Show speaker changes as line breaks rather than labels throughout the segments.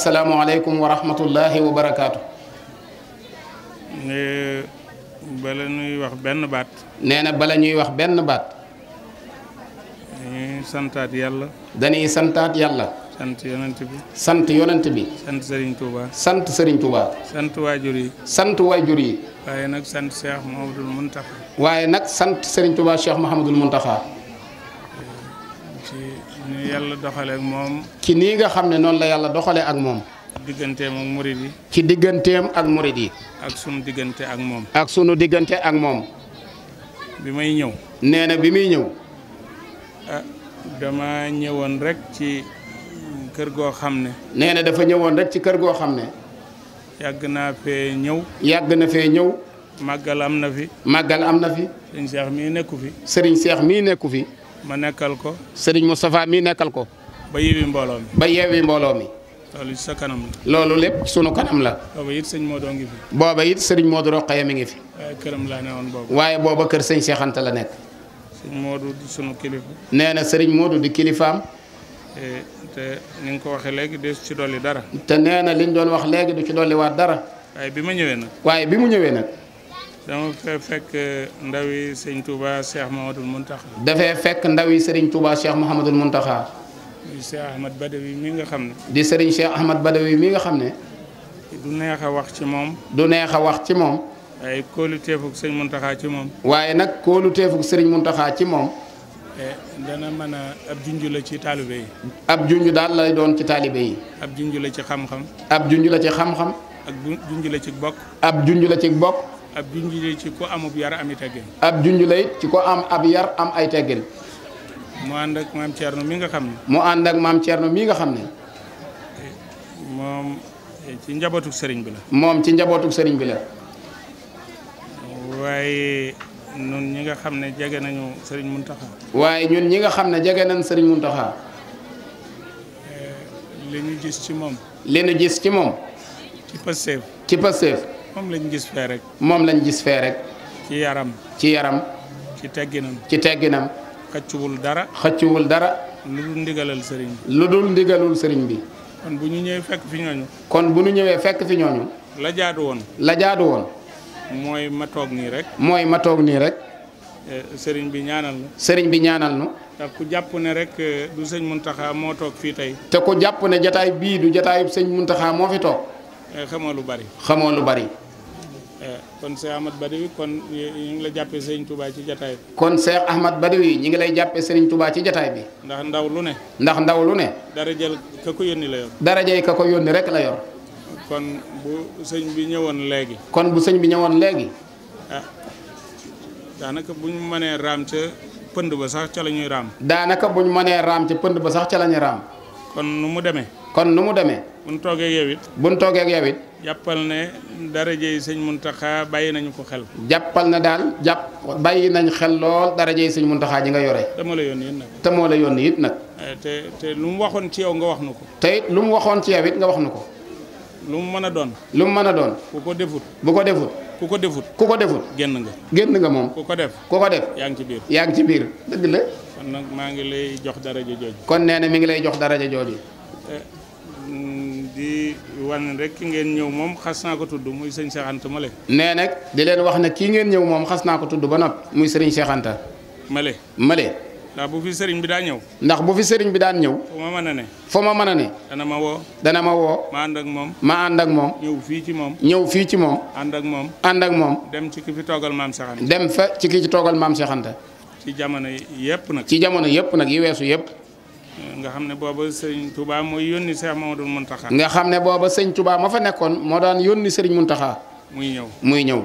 salaamualeykum wa rahmatullahi wa barakaatu.
nee bala ñuy wax benn baat. nee na bala ñuy wax benn baat. dañuy santaat yàlla.
dañuy santaat yàlla. sant yonent bi. sant yonent bi. sant sëriñ Touba. sant Serigne Touba. sant waajur yi. sant waajur yi.
waaye nag sant Cheikh Mouhamadul Mountakha.
nag sant Serigne Touba Cheikh Mouhamadul Mountakha.
Eh, ni yàlla moom.
ci nii nga xam ne noonu la yàlla doxalee ak moom.
digganteem ak murid
ci digganteem ak murid ak sunu
diggante ak moom.
ak sunu diggante ak moom. bi may ñëw. nee na bi muy ñëw.
ah ñëwoon rek ci kër goo xam
ne. nee na dafa ñëwoon rek ci kër goo xam ne.
yàgg naa fee ñëw. yàgg na fee ñëw. màggal am na fi. màggal am na fi. sëriñ Cheikh mii nekku fi.
sëriñ Cheikh mii nekku fi. ma nekkal ko. sëriñ Moustapha mii nekkal ko. ba yeewi mbooloo mi. ba yeewi mbooloo mi.
loolu sa kanam
la. loolu lépp sunu kanam la.
booba it sëñ Modou ngi
fi. booba it sëriñ Modou mi ngi fi.
waaye këram laa ne woon
boobu. waaye booba kër sëñ Cheikh la nekk.
sëñ Modou di sunu kilifa. nee na sëriñ
Modou di kilifaam.
E, te ni ko waxee léegi du ci dolli dara.
te nee na liñ doon wax léegi du ci dolli waat dara.
waaye bi ma ñëwee nag.
waaye bi mu ñëwee nag.
dama fee fekk ndaw yi sëñ Touba Cheikh Mouhamadul Mountakha.
dafay fekk ndaw yi Serigne Touba Cheikh Mouhamadul Mountakha.
di Cheikh Ahmad Badawi mi nga xam ne.
di Serigne Cheikh Ahmad Badawi mi nga xam ne. du neex a wax ci moom. du neex a wax ci moom.
waaye kóolu teefug sëñ Mountakha ci moom.
waaye nag kóolu teefug Serigne Mountakha ci moom. E, dana mën a ab junj la ci taalibe yi. ab junj daal lay doon ci taalibe yi. ab junj la ci xam-xam. ab junj la ci xam-xam. ci bokk. ab junj la ci bokk.
ab junj la ci ko amub yar am i teggin.
ab junj la ci ko am ab yar am ay teggin.
mu ànd ak maam Thierno mi nga xam
ne. mu ànd ak maam Thierno mi nga xam ne.
moom ci njabootuk sëriñ bi la.
moom ci njabootuk sëriñ bi la.
waaye ñun ñi nga xam ne jege nañu sëriñ Mountakha.
waaye eh, ñun ñi nga xam ne jege nañ sëriñ Mountakha. li ñu gis ci moom. li ñu gis ci moom. ci ci Pastef. moom lañu gis fee rek. moom lañu gis fee rek. ci yaram. ci yaram. ci tegginam. ci tegginam. xëccuwul dara. xëccuwul dara.
lu dul ndigalal sëriñ bi.
lu dul ndigalul sëriñ bi. kon bu
ñu ñëwee fekk fi
ñooñu. kon bu ñu ñëwee fekk la jaadu woon. la jaadu woon.
mooy ma toog nii rek.
mooy ma toog nii rek.
Eh, sëriñ bi ñaanal nu.
sëriñ bi ñaanal nu.
ndax ku jàpp ne rek eh, du sëñ Muntaxa moo toog fii tey.
te ku jàpp ne jataay bii du jataayu sëñ Muntaxa moo fi toog.
Eh, xamoo lu bari.
xamoo lu bari.
kon Cheikh Ahmad Badawi kon ñu ngi la jàppee Serigne Touba ci jataay bi.
kon Cheikh Ahmad Badawi ñu ngi lay jàppee Serigne Touba ci jataay bi.
ndax ndaw lu ne.
ndax ndaw lu ne.
darajal ka ko yónni la yor.
darajay ka ko yónni rek la yor.
kon bu sëñ bi ñëwoon léegi. kon
bu sëñ bi ñëwoon léegi.
Ah, daanaka bu ñu mënee raam ca pënd ba sax ca la ñuy raam.
daanaka bu ñu mënee raam ca pënd ba sax ca la raam. kon nu mu demee. kon nu mu demee. bu nu toogee ak yow it. bu nu toogee ak yow it.
jàppal ne darajey sëñ Muntaxa
bàyyi nañu ko xel. jàppal na daal jàpp bàyyi nañ xel lool darajey sëñ muntaxaa ji nga yore. te moo la yónni it nag. te moo la yónni it nag. Eh, te te lu mu waxoon ci yow nga wax nu ko. tey lu mu waxoon ci yow it nga wax nu ko. lu mu mën a doon. lu mu mën a doon. ku ko defut. bu ko defut. ku ko defut. ku ko defut. génn nga. génn nga moom. ku ko def. ku ko def. yaa ngi ci biir. yaa ngi ci biir dëgg la.
kon nag maa ngi lay jox daraja jooju.
kon nee ne mi ngi lay jox daraja jooju. Eh,
di wan rek ngeen ñëw moom xas naa ko tudd muy sëñ Cheikh Anta
nee nag di leen wax ne kii ngeen ñëw moom xas naa ko tudd ba noppi muy sëriñ Cheikh Anta. Male Male.
ndax bu fi sëriñ bi daan ñëw.
ndax bu fi sëriñ bi daan ñëw. fu ma mën a ne. fu ma mën a ne. dana ma woo. dana ma woo. ma ànd ak moom. ma ànd ak moom.
ñëw fii ci moom.
ñëw fii ci moom. ànd ak moom. ànd ak moom.
dem ci ki fi toogal maam Cheikh dem
fa ci ki ci toogal maam Cheikh
ci jamono yëpp nag.
ci jamono yëpp nag yi weesu yëpp.
nga xam ne booba sëñ Touba mooy yónni Cheikh Mamadou Mountakha. nga xam
ne booba sëñ Touba ma fa nekkoon moo daan yónni sëriñ Mountakha. muy ñëw muy ñëw.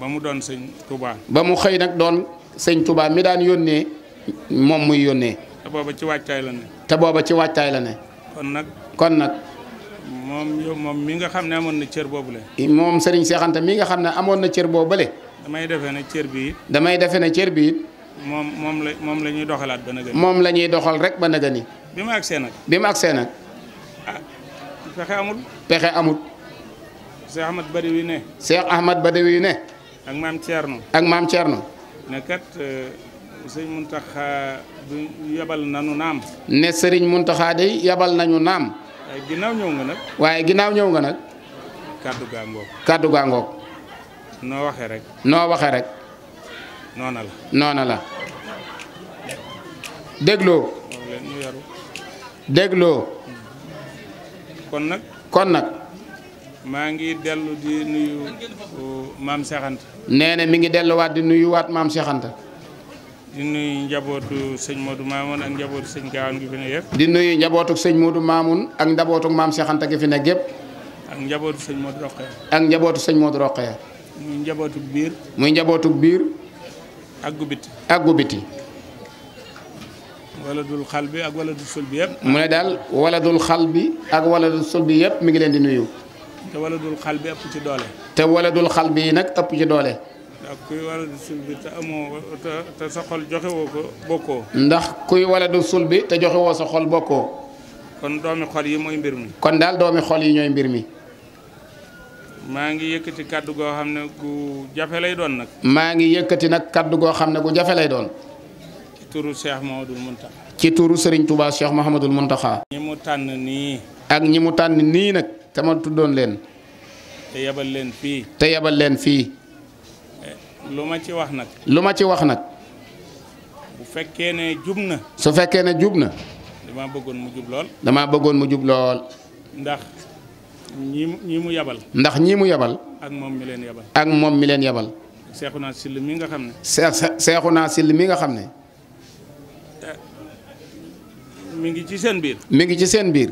ba mu doon sëñ Touba.
ba mu xëy nag doon sëñ Touba mi daan yónnee moom muy yónnee.
te booba ci waajtaay la ne.
te booba ci waajtaay la ne. kon nag kon nag.
moom moom mi nga xam ne amoon na cër boobu la.
moom Serigne seexante mi nga xam ne amoon na cër boobu la.
damay defee ne cër bii it.
damay defee ne cër bii it.
moom moom la moom la ñuy doxalaat ba naga moom
la ñuy doxal rek ba naga ni. bi ma agsee nag. bi ma agsee nag.
ah pexe amul. pexe amul. Cheikh Ahmad Badawi ne.
Cheikh Ahmad Badawi ne.
ak maam Thierno. ak maam Thierno. ne euh, sëñ Muntaxa bi yabal nañu naam.
ne sëriñ Muntaxa de yabal nañu naam.
waaye ginnaaw ñëw nga nag.
waaye ginnaaw ñëw nga nag.
kaddu gaa ngoog.
kaddu gaa ngoog. noo waxe rek. noo waxee rek. noona la. noona la. dégloo. dégloo.
kon nag. kon nag. maa ngi dellu di nuyu uh, maam Cheikh Anta.
nee mi ngi delluwaat di nuyuwaat maam Cheikh
di nuy njabootu sëñ Modou Mamoun ak njabootu sëñ Gaawaan gi fi ne yëpp.
di nuyu njabootu sëñ Modou Mamoun ak njabootu maam seexanta Anta gi fi nekk yëpp.
ak njabootu sëñ Modou Roqe.
ak njabootu sëñ Modou Roqe.
muy njabootu biir.
muy njabootu biir. ak gu biti. ak gu biti.
wala dul xal bi ak wala dul sul bi yëpp.
mu ne daal wala dul xal bi ak wala dul bi yëpp mi ngi leen di nuyu.
te wala dul xal bi ëpp ci doole.
te wala dul xal bi nag ëpp ci doole.
ak kuy waladu sulbi te amoo te sa xol joxe ko bokkoo.
ndax kuy waladu bi te joxe sa xol bokkoo.
kon doomi xol yi mooy mbir
mi. kon daal doomi xol yi ñooy mbir mi.
maa ngi yëkkati kàddu goo xam ne gu jafe lay doon nag.
maa ngi yëkkati nag kàddu goo xam ne gu jafe lay doon.
ci turu Cheikh Mahamadul Muntaxa.
ci turu Serigne Touba Cheikh Mahamadul Muntaxa.
ñi mu tànn nii.
ak ñi mu tànn nii nag te ma tuddoon leen.
te yabal leen fii.
te yabal leen fii.
lu ma ci wax nag.
lu ma ci wax nag.
bu fekkee ne jub na.
su fekkee ne jub na.
dama bëggoon mu jub lool.
damaa bëggoon mu jub lool.
ndax ñii ñii mu yabal.
ndax ñii mu yabal.
ak moom mi leen yabal. ak moom mi leen yabal. seexu naa sill mi nga xam ne.
seexu naa sill mi nga xam ne.
Eh, mi ngi ci seen biir.
mi ngi ci seen biir.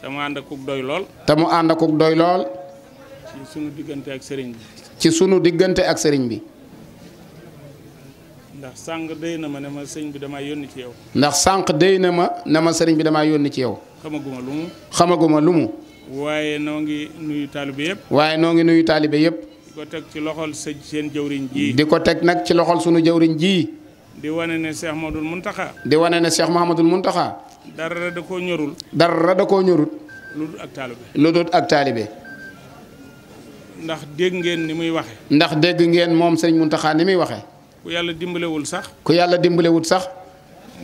te mu ànd akuk doy lool.
te mu ànd akuk doy lool.
ci sunu diggante ak sëriñ bi.
ci sunu diggante ak sëriñ bi.
ndax sànq day na ma ne ma sëriñ bi damaa yónni ci yow.
ndax sànq day na ma ne ma sëriñ bi damaa yónni ci yow.
xamaguma lu mu.
xamaguma lu mu.
waaye noo ngi nuyu taalibe yëpp.
waaye noo ngi nuyu taalibe yëpp.
di ko teg ci loxol sa seen jëwriñ ji. di ko teg nag
ci loxol sunu jëwriñ ji.
di wane ne Cheikh Mouhamadoul Mountakha.
di wane ne Cheikh Mouhamadoul Mountakha.
dara da koo ñorul.
dara da koo ñorul.
lu dul ak taalibe.
lu dul ak taalibe.
ndax dégg ngeen ni muy waxe
ndax dégg ngeen moom sëriñ Mountakha ni muy waxe
ku yàlla dimbalewul sax.
ku yàlla dimbalewul sax.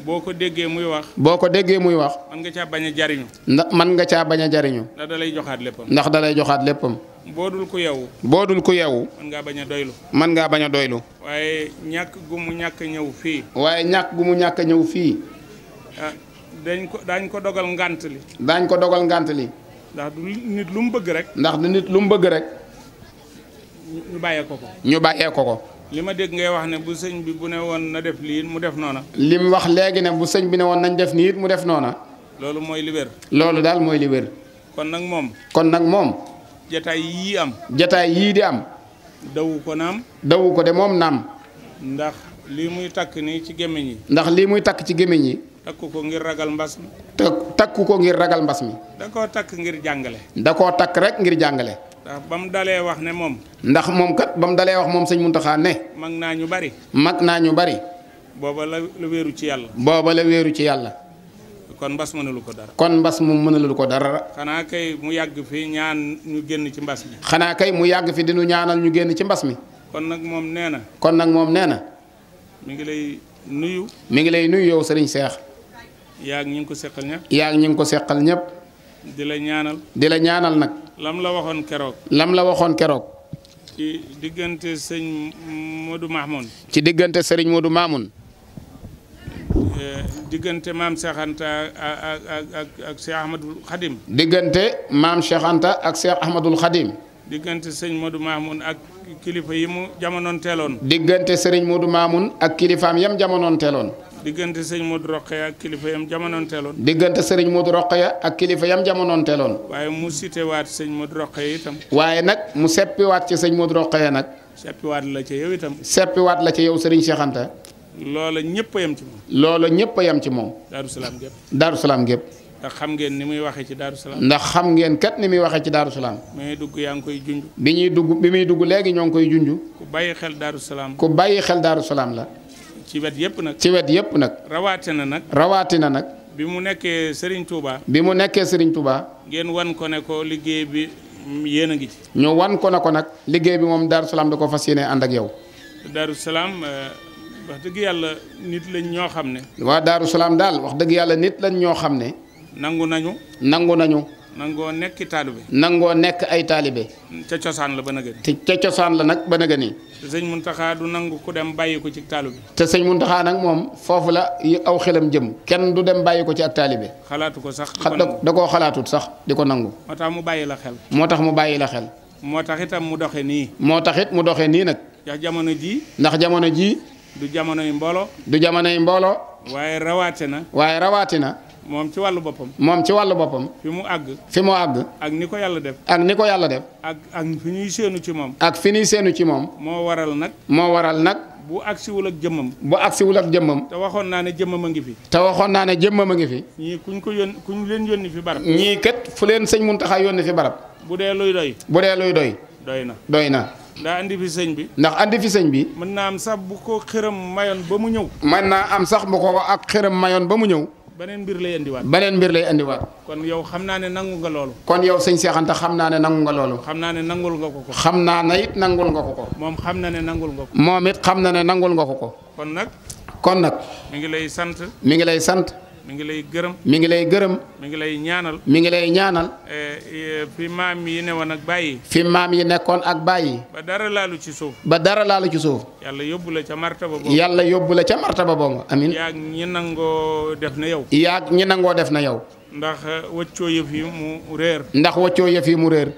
boo ko déggee muy wax.
boo ko déggee muy wax.
man nga caa bañ a jariñu.
ndax man nga caa bañ a jariñu. ndax
da lay joxaat léppam. ndax
da lay joxaat léppam.
boo dul ku yeewu.
boodul ku yeewu. man
ngaa bañ a doylu.
man ngaa bañ a doylu.
waaye ñàkk gu mu ñàkk ñëw fii.
waaye ñàkk gu mu ñàkk a ñëw fii.
Ah, dañ ko daañ ko dogal ngant li.
daañ ko dogal ngant li.
ndax du nit lu mu bëgg rek. ndax du nit lu mu bëgg rek. ñu bàyyee ko ko.
ñu bàyyee ko ko.
li ma dégg ngay wax ne bu sëñ bi bu ne woon na def lii mu def noona
li mu wax léegi ne bu sëñ bi ne woon nañu def nii mu def noona loolu mooy li loolu daal mooy li kon nag moom kon nag moom
jataay yii am
jataay yii di am
dawu ko naam
dawu ko de moom naam
ndax lii muy takk nii ci gémmiñ yi
ndax lii muy takk ci gémmiñ yi
takku ko ngir ragal mbas mi
takku ko ngir ragal mbas mi
da koo takk ngir jàngale
da koo takk rek ngir jàngale
ba mu dalee wax ne moom.
ndax moom kat ba mu dalee wax moom sañ Muntaxa ne.
mag naa ñu bari.
mag naa ñu bari.
booba la wéeru ci yàlla.
booba la wéeru ci yàlla.
kon mbas mënalu ko dara.
kon mbas mu mënalu ko dara.
xanaa kay mu yàgg fi ñaan ñu génn ci mbas mi.
xanaa kay mu yàgg fi dinu ñaanal ñu génn ci mbas mi.
kon nag moom nee na.
kon nag moom nee na.
mu ngi lay nuyu.
mu ngi lay nuyu yow sëriñ Seex.
yaa ngi ñu ngi ko seqal ñëpp.
yaa ngi ñu ngi ko seqal ñëpp.
di la ñaanal.
di la ñaanal nag.
lam la waxoon keroog.
lam la waxoon keroog.
ci diggante sëñ Modou Mahmoun.
ci diggante sëriñ Modou Mahmoun.
Eh, diggante maam Cheikh Anta ak ak Ahmadul Khadim.
diggante maam Cheikh Anta ak Cheikh Ahmadul
diggante sëñ Modou Mahmoun ak kilifa yi mu jamonoon
diggante sëriñ Modou Mahmoun ak kilifaam yam jamonoon
diggante sëriñ Modou Rokhaya ak kilifa yam jamonoon teeloon.
diggante sëriñ Modou ya ak kilifa yam jamonoon teeloon.
waaye mu sitewaat sëñ Modou Rokhaya itam.
waaye nag mu seppiwaat ci sëñ Modou Rokhaya nag.
seppiwaat la ca yow itam.
seppiwaat la ci yow sëriñ Cheikh Anta.
loola ñëpp yem ci moom.
loola ñëpp a yem ci moom.
Darou Salaam gépp.
Darou Salaam gépp.
ndax xam ngeen ni muy waxee ci Darou ndax
xam ngeen kat ni muy waxee ci Darou Salaam.
bi muy dugg yaa ngi koy junj.
bi ñuy dugg bi muy dugg léegi ñoo ngi koy junj.
bàyyi xel Darou Salaam.
ku bàyyi xel Darou Salaam la.
ci wet yëpp nag.
ci wet yëpp nag. na nag. na nag.
bi mu nekkee Serigne Touba.
bi mu nekkee Serigne Touba.
ngeen wan ko ne ko liggéey bi yéen a ngi ci.
ñu wan ko ne ko nag liggéey bi moom Darou Salaam da ko fas yéene ànd ak yow.
Darou Salaam euh, wax dëgg yàlla nit lañ ñoo xam ne.
waa Darou Salaam daal wax dëgg yàlla nit lañ ñoo xam ne. nangu nañu. nangu nañu.
nangoo nekki taalibe.
nangoo nekk ay taalibe.
ca cosaan la ba nëgëni.
te ca cosaan la nag ba nëgëni.
te sëñ mun Muntaxa du nangu ku dem bàyyi ko ci taalibe.
te sëñ Muntaxa nag moom foofu la aw xelam jëm. kenn du dem bàyyi ko ci ak taalibe.
xalaatu ko sax
da koo xalaatut sax di ko nangu.
moo tax mu bàyyi la xel.
moo tax mu bàyyi la xel.
moo tax itam mu doxee nii.
moo tax it mu doxee nii nag.
ndax jamono jii.
ndax jamono jii.
du jamonoy mbooloo.
du jamonoy mbooloo.
waaye rawaate na.
waaye rawaate na.
moom ci wàllu boppam.
moom ci wàllu boppam. fi mu àgg. fi mu àgg. ak ni ko yàlla def. ak ni ko yàlla def. ak ak fi ñuy séenu ci moom. ak fi ñuy séenu ci moom.
moo waral nag. moo waral nag. bu agsiwul ak jëmmam. bu agsiwul ak jëmmam. te waxoon naa ne jëmmam a ngi fi.
te waxoon naa ne jëmmam a ngi fi.
ñii kuñ ko yón kuñ leen yónni fi barab. ñii kat fu leen
sëñ Muntaxa yónni fi barab.
bu dee luy doy.
bu dee luy doy. doy na doy na.
ndax fi sëñ bi.
ndax andi fi sëñ bi. mën naa am sax bu ko xëram mayoon ba mu ñëw. mën naa am sax bu ko ak xëram mayoon ba mu ñëw
beneen mbir lay andiwaat. beneen mbir lay indiwaat kon yow xam naa ne nangu nga
loolu. kon yow sëñ seexanta xam naa ne nangu nga loolu.
xam naa ne nangul nga ko ko. xam naa ne it
nangul nga ko ko.
moom xam na ne nangul nga
moom it xam na ne nangul nga ko ko. kon nag. kon nag.
mi ngi lay sant.
mi ngi lay sant.
mi ngi lay gërëm.
mi ngi lay gërëm.
mi ngi lay ñaanal.
mi ngi lay ñaanal.
Eh, eh, fi maam yi ne woon ak bàyyi.
fi maam yi nekkoon ak bàyyi.
ba dara laalu ci suuf.
ba dara laalu ci suuf.
yàlla yóbbu la ca martaba boobu. yàlla
yóbbu la ca martaba boobu amin
yaag ñi nangoo def na yow.
yaag ñi nangoo def na yow.
ndax eh, wëccoo yëf yi mu réer.
ndax wëccoo yëf yi mu réer.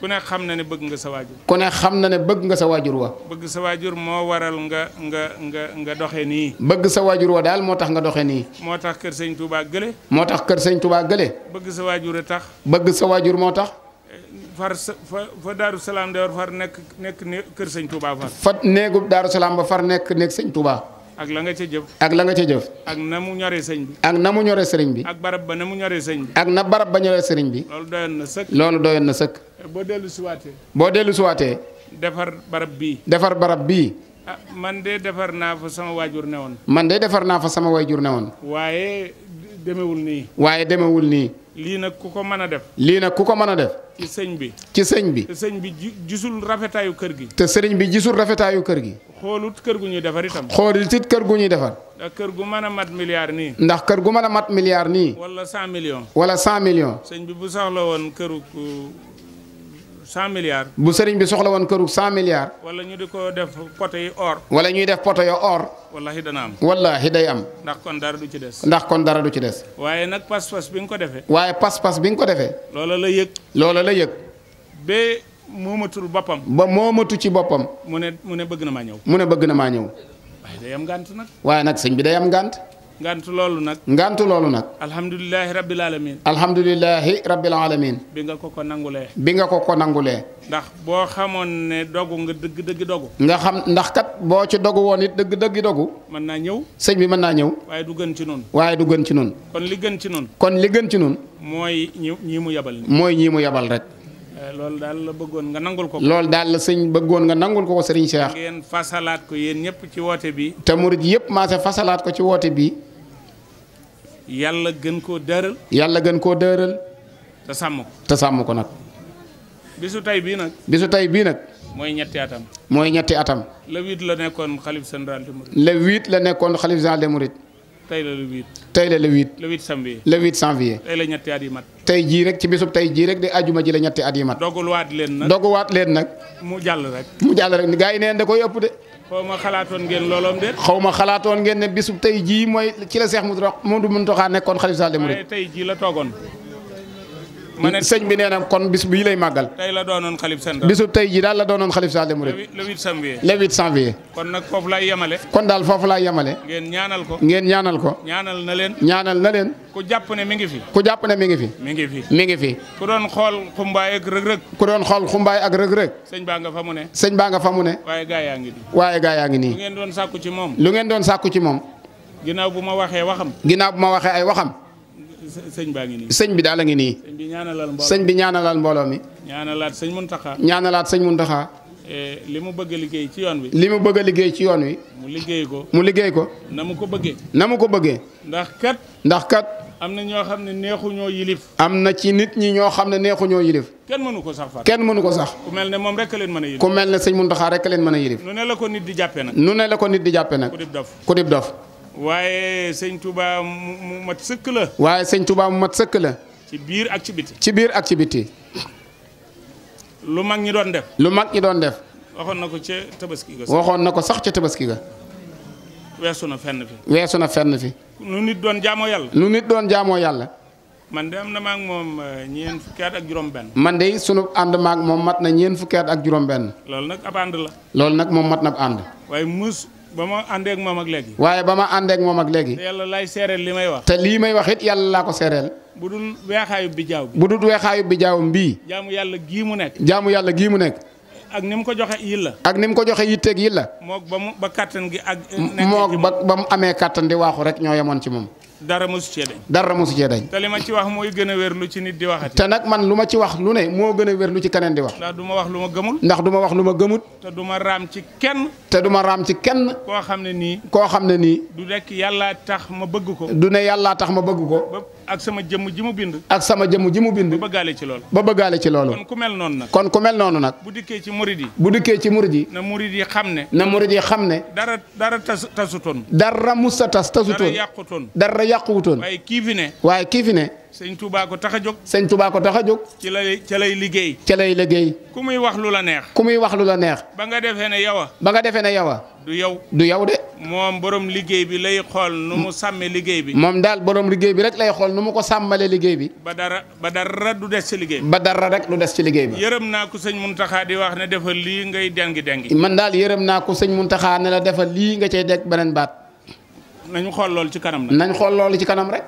ku ne xam na ne bëgg nga sa waajur.
ku ne xam na ne bëgg nga sa waajur wa.
bëgg sa waajur moo waral nga nga nga nga doxee nii.
bëgg sa waajur wa daal moo tax nga doxee nii.
moo tax kër sëñ Touba gële.
moo tax kër sañ Touba gële.
bëgg sa waajur a tax.
bëgg sa waajur moo tax.
far sa fa fa Daaru Salaam war far nekk nekk kër sëñ
Touba far. fa néegub Daaru Salaam ba far nekk nekk sëñ Touba.
ak la nga ca jëf.
ak la nga ca jëf.
ak na mu ñoree sëñ bi.
ak na mu ñoree sëriñ bi. ak
barab ba na mu ñoree sëñ bi.
ak na barab ba ñoree sëriñ bi. loolu
doyoon na sëkk. loolu doyoon na sëkk. boo dellu suwaatee.
boo dellu si suwaatee.
defar barab bii.
defar barab bii.
ah man de defar naa fa sama waajur ne woon.
man dee defar naa fa sama waajur ne woon.
waaye demewul nii.
waaye demewul nii.
lii nag ku ko mën a def.
lii nag ku ko mën a def.
ci sëñ bi. ci sëñ bi. te sëñ bi jisul rafetaayu kër gi. te
sëriñ bi jisul rafetaayu kër gi.
xoolut kër gu ñuy defar itam. xoolut it
kër gu ñuy defar.
ndax kër gu mën a mat milliard nii. ndax
kër gu mën a mat milliard nii. wala
cent millions. wala cent millions. sëñ bi bu soxla woon këru cent milliards. bu
sëriñ bi soxla woon këru cent milliards.
wala ñu di ko def poto yi or.
wala ñuy def poto yo or.
wallaahi dana am. wallaahi day am. ndax kon dara du ci des. ndax
kon dara du ci des.
waaye nag pas-pas bi nga ko defee.
waaye pas-pas bi nga ko defee. loola la yëg. loola la yëg.
ba moomatul boppam. ba moomatu ci boppam. mu ne mu ne bëgg na maa ñëw.
mu ne bëgg na maa ñëw.
waaye day am gànt nag.
waaye nag sëñ bi day am gànt.
ngantu loolu nag
ngantu loolu nag
alhamdulilahi rabbil alamin
alhamdulilahi rabbil alamin
bi nga ko ko nangulee
bi nga ko ko nangulee
ndax boo xamoon ne dogu nga dëgg dëgg dogu
nga xam ndax kat boo ci dogu woon it dëgg dëgg dogu mën naa ñëw sëñ bi mën naa ñëw
waaye du gën ci noonu
waaye du gën ci noonu
kon li gën ci noonu
kon li gën ci noonu
mooy ñi ñii mu yabal mooy ñii mu yabal rek eh, loolu daal la bëggoon nga nangul ko loolu daal la
sëñ bëggoon nga nangul ko ko sëriñ Cheikh
ngeen fasalaat ko yéen ñëpp ci woote bi
te murid yëpp maase fasalaat ko ci woote bi
yàlla gën koo dëral.
yàlla gën koo dëral. te sàmm te sàmm ko nag.
bisu tey bii nag.
bisu tey bii nag.
mooy ñetti atam.
mooy ñetti atam.
le huit la nekkoon xalif général des Mourides.
le huit la nekkoon xalif général des Mourides. tey la le huit. tey la le huit.
le huit janvier.
le huit janvier.
tey la ñetti at mat.
tey jii rek ci bisub tey jii rek de ajuma ji la ñetti at yi mat.
doguwaat leen nag
doguwaat leen nag. mu jàll rek. mu jàll rek gaa yi neen da koy ëpp de.
xaw ma xalaatoon ngeen looloom de.
xaw ma xalaatoon ngeen ne bisub tey jii mooy ci la Seex Mudu Muntaxa nekkoon xalifa Sall de Mouride. waaye
tey jii la toogoon. ma ne
sëñ bi nee na kon bis bii lay màggal.
tey la doonoon xalif central. bisu
tey ji daal la doonoon xalif central Mouride. le 8 janvier. le 8 janvier.
kon nag foofu laay yemale. kon daal foofu laay yemale. ngeen ñaanal ko. ñaanal na leen.
ñaanal na leen.
ku jàpp ne mi ngi fi.
ku jàpp ne mi ngi fi. mi ngi fi mi ngi fi.
ku doon xool xumbaay ak rëg-rëg. ku baa nga fa ne. sëñ baa nga fa ne. waaye gaa yaa ngi nii.
waaye gaa yaa ngi nii. lu ngeen
doon sàkku ci moom. lu ngeen
doon sàkku ci moom.
ginnaaw sëñ baa ngi nii.
sëñ bi daal a ngi nii. sëñ
bi ñaanalal mbooloo mi sëñ
bi ñaanalal mbooloo mi.
ñaanalaat sëñ Muntaxa. ñaanalaat
sëñ Muntaxa.
E, li mu bëgg a liggéey ci yoon wi. li mu bëgg a liggéey ci yoon wi. mu liggéey ko mu liggéey ko. na mu ko bëggee.
na mu ko bëggee. ndax kat. ndax kat. am na ñoo xam ne neexuñoo yilif. am na ci nit ñi ñoo xam ne neexuñoo yilif. kenn mënu ko sax far. kenn mënu ko sax. ku mel ne moom rek a leen mën a yilif. ku mel ne sëñ Muntaxa rek a leen mën a yilif.
nu ne la ko nit di jàppee nag.
nu ne la ko nit di
waaye sëñ Touba mu mat sëkk la.
waaye sëñ Touba mu mat sëkk la.
ci biir ak ci biti.
ci biir ak ci biti.
lu mag ñi doon def.
lu mag ñi doon def.
waxoon na ko ca tabaski ga. waxoon na ko
sax ca tabaski ga.
weesu na fenn fi.
weesu na fenn fi.
nu nit doon jaamoo yàlla.
lu nit doon jaamoo yàlla.
man de am na maag moom eh, ñeen fukki at ak juróom-benn. man de
sunu ànd maag moom mat na ñeen fukki at ak juróom-benn.
loolu nag ab ànd la.
loolu nag moom mat na ab ànd.
waaye mus ba ma àndeek ak moom ak léegi.
waaye ba ma àndeek ak moom ak léegi. te
yàlla laay seereel li may wax.
te lii may wax it yàlla laa ko seereel.
bu dul weexaayu bijaaw bi.
bu dul weexaayu bijaawam bii.
jaamu yàlla gii mu nekk.
jaamu yàlla gii mu nekk.
ak ni mu ko joxe yilla ak ni mu ko joxe yitteeg yilla moog ba mu ba kàttan gi ak. Eh, nekk
moog ba ba mu amee kàttan di waaxu rek ñoo yemoon ci moom.
dara mosu cee
dara mosu cee dañ.
te li ma ci wax mooy gën a wér lu ci nit di waxati. te nag
man lu ma ci wax lu ne moo gën a wér lu ci keneen di wax. ndax
du ma wax lu ma gëmul. ndax du ma wax lu ma gëmut. te du ma raam
ci kenn. te du ma raam ci kenn. koo xam ne nii. koo xam ne nii.
du nekk yàllaa tax ma
bëgg ko. du ne yàllaa tax ma bëgg ko. ak sama jëmm ji mu bind. ak sama jëmm ji mu bind. ba bëggaale ci loolu. ba bëggaale ci loolu. kon ku mel noonu nag. kon ku mel noonu nag. bu dikkee ci
murid yi. bu dikkee ci murid yi. na murid xam ne. na murid yi xam ne. dara dara tas tasutoon.
dara musa tas tasutoon. dara yàqutoon. yàquwutoon.
waaye kii fi ne.
waaye kii fi ne.
sëñ Touba ko tax a jóg. sëñ Touba ko tax a jóg. ci lay ci lay liggéey.
ci lay liggéey.
ku muy wax lu la neex.
ku muy wax lu la neex.
ba nga defee ne yow
a. ba nga defee ne yow a. du yow du
yow de. moom borom liggéey bi lay xool nu mu sàmmee liggéey bi. moom daal
borom liggéey bi rek lay xool nu mu ko sàmmalee liggéey bi. ba
dara ba dara du des ci liggéey bi. ba dara rek du des ci
liggéey bi. yërëm
naa ko sëñ Muntaxa di wax ne defal lii ngay dengi dengi. man daal
yërëm nañu xool loolu ci kanam. nañ xool loolu ci kanam rek.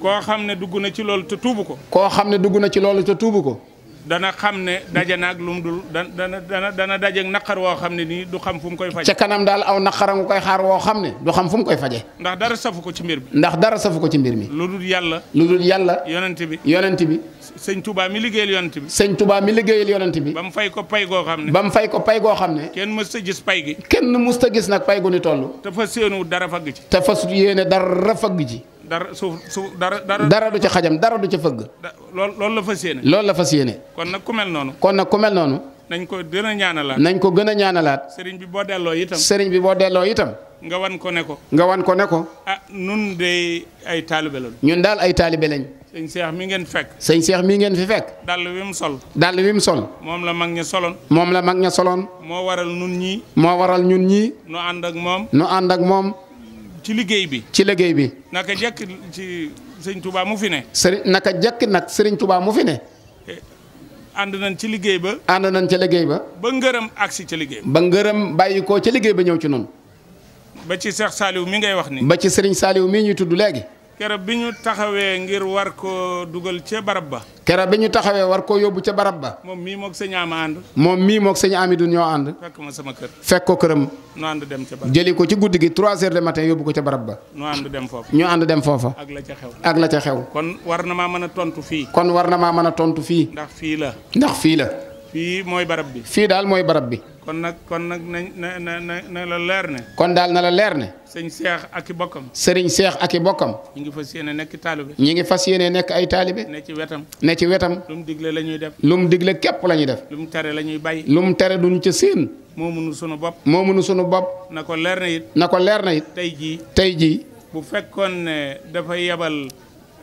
koo xam ne dugg na ci loolu te tuubu ko.
koo xam ne dugg na ci loolu te
tuubu ko. dana xam ne daje naag lu mu dul dana dana dana daje naqar woo xam ne nii
du xam fu mu koy faje ca kanam daal aw naqara nga koy xaar woo xam ne du xam fu mu koy faje ndax dara safu ko ci mbir mi ndax dara safu ko ci mbir mi lu dul yàlla lu dul yàlla yonent bi yonent bi sëñ Touba mi liggéeyal yonent bi sëñ Touba mi liggéeyal yonent bi ba mu fay ko pay goo xam ne ba mu fay ko pay goo xam ne kenn mës ta gis pay gi kenn mës ta gis nag pay gu ni toll te fas yéene dara fagg ci te fas yéene dara fagg ci dara suuf suuf dara. dara du ca xajam dara du ca fëgg. lool loolu la fas yéene. loolu la fas yéene.
kon nag ku mel noonu. kon nag ku mel noonu. nañ ko gën a ñaanalaat. nañ a ñaanalaat. sëriñ bi boo delloo itam. sëriñ bi
boo delloo itam.
nga wan ko ne ko.
nga wan ko ne ko.
ah nun de ay taalibe lañ.
ñun daal ay taalibe lañ.
sëñ Cheikh mi ngeen fekk.
sëñ seex mi ngeen fi fekk.
dàll wi mu sol.
dàll wi mu sol.
moom la mag ña soloon.
moom la mag ña soloon.
moo waral ñun ñii.
moo waral ñun ñii. nu
ànd ak moom.
nu ànd ak moom.
ci liggéey bi. ci liggéey bi. naka jekk ci sëñ Touba mu fi ne.
sëriñ naka jekk nag sëriñ Touba mu fi ne.
Eh, ànd nañ ci liggéey ba.
ànd nañ ca liggéey ba.
ba ngërëm agsi ca liggéey ba. ba ngërëm
bàyyi ko ca liggéey ba ñëw ci noonu.
ba ci Cheikh Saliou mi ngay wax ni ba
ci sëriñ Saliou mii ñuy tudd léegi.
keroog bi ñu taxawee ngir war koo dugal ca barab ba.
keroog bi ñu taxawee war koo yóbbu ca barab ba.
moom mii moog sëñ Ama ànd.
moom mii moog sëñ Amidou ñoo ànd. fekk ma kër. fekk ko këram.
ñu dem ca barab jëli ko
ci guddi gi 3 heures de matin yóbbu ko ca barab ba. ñu ànd dem foofa. ñu ànd dem foofa. ak la ca xew ak la ca xew.
kon war na maa mën a tontu fii. kon
war na maa mën a tontu fii.
ndax fii la. ndax fii la. fii mooy barab bi.
fii daal mooy barab bi.
kon nag kon nag na na na na la leer ne.
kon daal na la leer ne.
sëñ Seex ak i bokkam. sëriñ Seex ak i bokkam. ñi ngi fas yéene nekk taalibe. ñi ngi fas yéene nekk ay taalibe. ne ci wetam.
ne ci wetam.
lu mu digle la ñuy def.
lu mu digle képp la ñuy def.
lu mu tere la ñuy bàyyi. lu
mu tere duñ ca séen.
moo mënu sunu bopp.
moo mënu sunu bopp.
na ko leer na it.
na ko leer na it. tey jii tey jii.
bu fekkoon ne dafa yebal.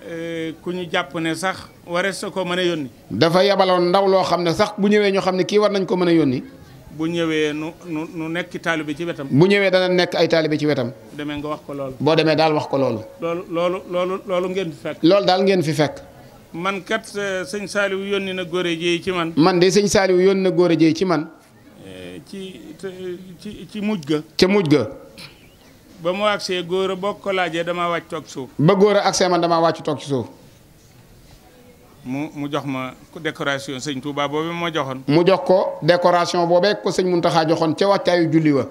Eh, ku ñu jàpp ne sax warees ko mën a yónni.
dafa yabaloon ndaw loo xam ne sax bu ñëwee ñoo xam ne kii war nañ ko mën a yónni.
bu ñëwee nu nu nu nekk taalibe ci wetam. bu
ñëwee dana nekk ay taalibe ci wetam.
deme nga wax ko loolu.
boo demee daal wax ko loolu.
loolu loolu loolu ngeen fi fekk.
loolu daal ngeen fi fekk.
man kat eh, sëñ Saliou yónni na góor yi ci man. man de sëñ
Saliou yónni na góor yi ci man.
Eh, ci
ci ci mujj ga. ca mujj ga.
ba mu agsee góor a boo ko laajee damaa wàcc toog
suuf. ba góor a agsee man damaa wàcc toog ci suuf. mu
mu jox ma décoration sëñ Touba boobu ma joxoon.
mu jox ko décoration boobee ko sëñ Mountakha joxoon ca wàccaayu julli wa.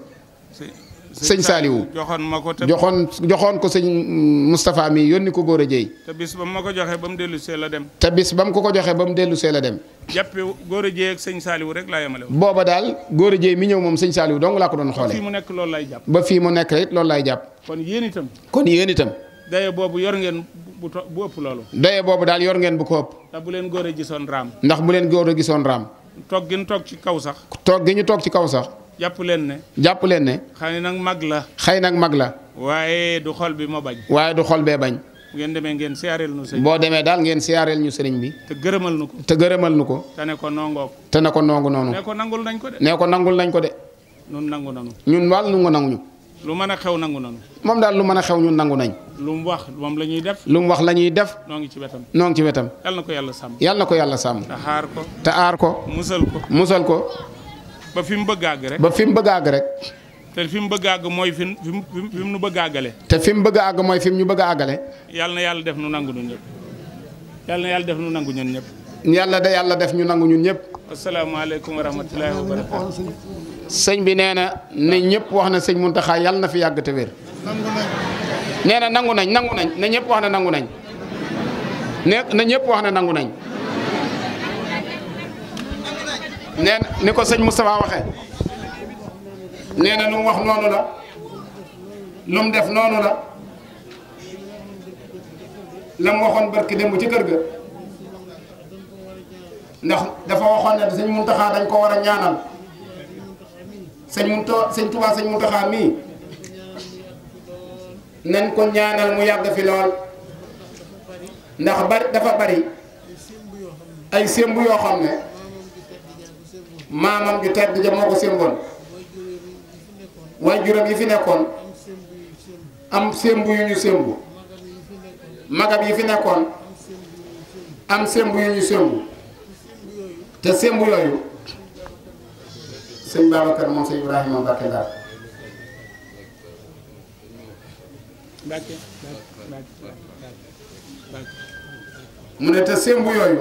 sëñ Saliou
joxoon ma ko te joxoon
joxoon ko sëñ Moustapha mi yónni ko góor a jëy.
te bis ba mu ma ko joxee ba mu dellu see la dem.
te bis ba mu ko ko joxee ba mu dellu see la dem.
jàppe góor a jëy ak sëñ Saliou rek laa yemale
booba daal góor a jëy ñëw moom sëñ Saliou dong laa ko doon xoolee. ba fii mu
nekk loolu lay jàpp.
ba fii mu nekk loolu lay jàpp.
kon yéen itam. kon yéen itam. daye boobu yor ngeen bu to bu ëpp loolu.
doye boobu daal yor ngeen bu ko ëpp.
ndax bu leen góor a gisoon raam.
ndax bu leen góor a gisoon raam.
toog gi ñu toog ci kaw sax.
toog gi ñu toog ci kaw sax. jàpp leen ne. jàpp leen ne.
xëy nag mag la.
xëy nag mag la.
waaye du xol bi ma bañ.
waaye du xol bee bañ.
ngeen demee ngeen siyaareel ñu sëriñ boo demee
daal ngeen siyaareel ñu sëriñ bi te gërëmal nu ko te gërëmal nu ko te ne ko te ne ko nongu noonu ne
ko nangul nañ ko de ne ko nangul nañ ko de ñun nangu nañu
ñun waal nu nga nanguñu
lu mën a xew nangu nañu.
moom daal lu mën a xew ñun nangu nañ.
lu mu wax moom la ñuy def. lu mu wax la ñuy def. noo ngi ci wetam. noo ci wetam. yal na ko yàlla sàmm. yal
na ko yàlla sàmm. te aar ko. te aar ko. musal ko musal ko.
ba fi mu bëgg àgg rek. ba fi mu bëgg àgg rek. te fi mu bëgg àgg mooy fi mu fi mu bëgg àggale.
te fi mu bëgg àgg mooy fi mu ñu bëgg àggale.
yal na yàlla def nu nangu ñun ñëpp. yal na yàlla def nu nangu ñun ñëpp.
yàlla da yàlla def ñu nangu ñun ñëpp.
asalaamaaleykum
sëñ bi nee na ne wax na sëñ taxaa yàlla na fi yàgg te wér. nee nangu nañ nangu nañ na ñëpp wax na nangu nañ. ne na ñëpp wax na nangu nañ. nee na ni ko sëñ Moustapha waxee. nee na lu mu wax noonu la. lu mu def noonu la. la mu waxoon barki démb ci kër ga. ndax dafa waxoon ne sëñ Muntaxa dañ ko war ñaanal. sëñ Muntaxa sëñ Tuubaa sëñ Muntaxa mii nañ ko ñaanal mu yàgg fi lool ndax bari dafa bari ay sémb yoo xam ne maamam ju tedd ja moo ko sémboon waajuram yi fi nekkoon am sémb yu ñu sémb magam yi fi nekkoon am sémb yu ñu sémb te sémb yooyu sëñ Babacar moom sëñ Ibrahima Mbacke Ndar mu ne te sémb yooyu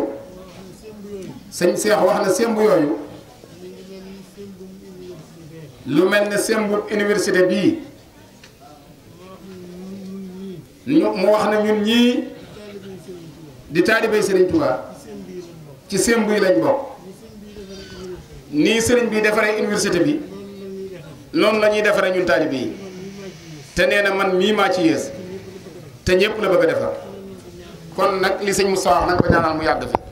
sëñ Seex wax na sémb yooyu lu mel ni sémbu université bii ñu mu wax na ñun ñii di taalibey Sëriñ Tuubaa ci sémb yi lañ bokk nii sëriñ bi defaree université bi noonu la ñuy defaree ñun taalibe yi te nee na man mii maa ci yées te ñëpp la bëgg a defar kon nag li sëñ mu wax nag ko ñaanal mu yàgg fi